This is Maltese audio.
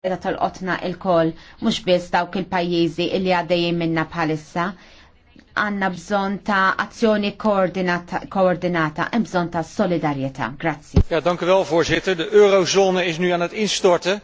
era tal-qotna il-kol, mux biz dawk il-pajjiżi illi għaddejjin minna bħalissa. Għanna bżon ta' azzjoni koordinata, koordinata bżon ta' solidarieta. Grazzi. Ja, dank u wel, voorzitter. De eurozone is nu aan het instorten.